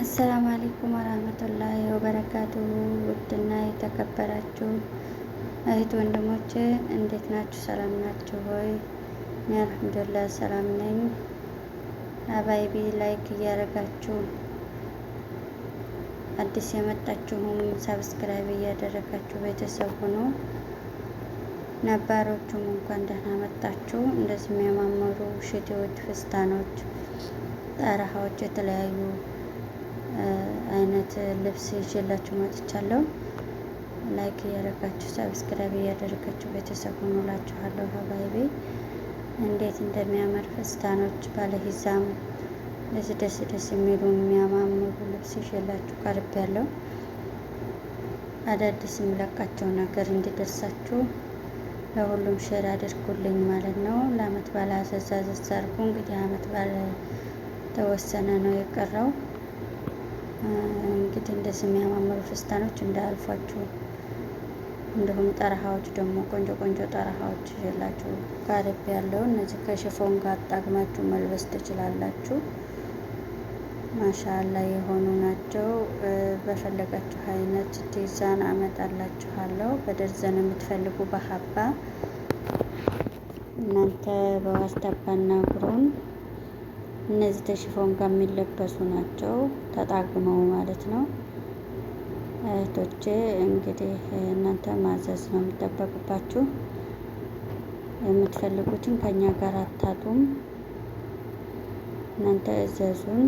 አሰላሙ አለይኩም ወራህመቱላሂ ወበረካቱ። ውድና የተከበራችሁ እህት ወንድሞች እንዴት ናችሁ? ሰላም ናችሁ ሆይ? እኔ አልሐምዱሊላህ ሰላም ነኝ። አባይቢ ላይክ እያደረጋችሁ አዲስ የመጣችሁም ሰብስክራይብ እያደረጋችሁ ቤተሰብ ሁኑ። ነባሮቹም እንኳን ደህና መጣችሁ። እንደዚህ የሚያማምሩ ሽቴዎች፣ ፍስታኖች፣ ጠረሃዎች የተለያዩ አይነት ልብስ ይዤላችሁ መጥቻለሁ። ላይክ እያደረጋችሁ ሰብስክራይብ እያደረጋችሁ ቤተሰብ ሆኖላችኋለሁ። ሀባይቤ እንዴት እንደሚያምር ፍስታኖች ባለሂዛም ደስ ደስ ደስ የሚሉ የሚያማምሩ ልብስ ይዤላችሁ ቀርብ ያለው አዳዲስ የምለቃቸው ነገር እንዲደርሳችሁ ለሁሉም ሼር አድርጉልኝ ማለት ነው። ለአመት ባለ አዘዛዘዝ ሰርጉ እንግዲህ አመት ባለ ተወሰነ ነው የቀረው። እንደ እንደዚህ የሚያማምሩ ፍስታኖች እንዳያልፏችሁ። እንዲሁም ጠረሃዎች ደግሞ ቆንጆ ቆንጆ ጠረሃዎች ይዤላችሁ ጋርብ ያለው እነዚህ ከሽፎን ጋር ጣግማችሁ መልበስ ትችላላችሁ። ማሻላ የሆኑ ናቸው። በፈለጋችሁ አይነት ዲዛይን አመጣላችኋለሁ። በደርዘን የምትፈልጉ በሀባ እናንተ በዋስታባና ጉሩን እነዚህ ተሽፎን ጋር የሚለበሱ ናቸው ተጣግመው ማለት ነው። እህቶቼ እንግዲህ እናንተ ማዘዝ ነው የሚጠበቅባችሁ። የምትፈልጉትን ከኛ ጋር አታጡም። እናንተ እዘዙን።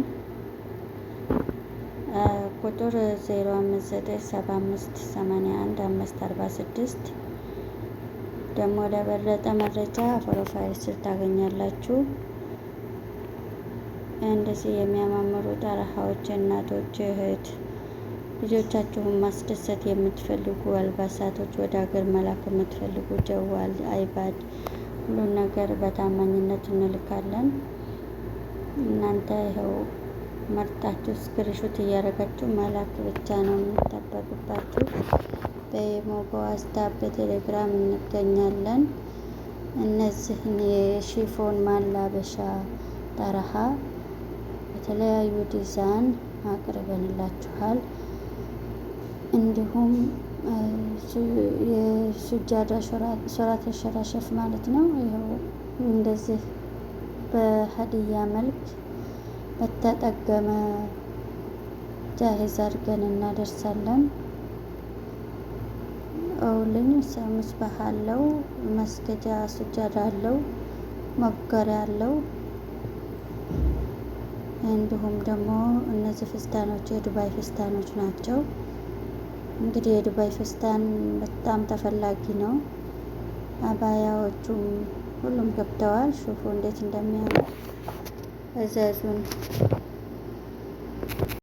ቁጥር 0597581546 ደግሞ ለበለጠ መረጃ ፕሮፋይል ስር ታገኛላችሁ። እንደዚህ የሚያማምሩ ጠረሃዎች እናቶች፣ እህት ልጆቻችሁን ማስደሰት የምትፈልጉ አልባሳቶች ወደ ሀገር መላክ የምትፈልጉ ጀዋል፣ አይፓድ ሁሉን ነገር በታማኝነት እንልካለን። እናንተ ይኸው መርጣችሁ ስክሪንሾት እያደረጋችሁ መላክ ብቻ ነው የሚጠበቅባችሁ። በኢሞ በዋትስአፕ በቴሌግራም እንገኛለን። እነዚህን የሺፎን ማላበሻ ጠረሃ የተለያዩ ዲዛይን አቅርበንላችኋል። እንዲሁም የሱጃዳ ሱራት ሸራሸፍ ማለት ነው። ይኸው እንደዚህ በሀዲያ መልክ በተጠገመ ጃሄዝ አድርገን እናደርሳለን። ሰምስ ባህ አለው፣ መስገጃ ሱጃዳ አለው፣ መጎሪያ አለው። እንዲሁም ደግሞ እነዚህ ፍስታኖች የዱባይ ፍስታኖች ናቸው። እንግዲህ የዱባይ ፍስታን በጣም ተፈላጊ ነው። አባያዎቹም ሁሉም ገብተዋል። ሹፉ እንዴት እንደሚያምር እዘዙን።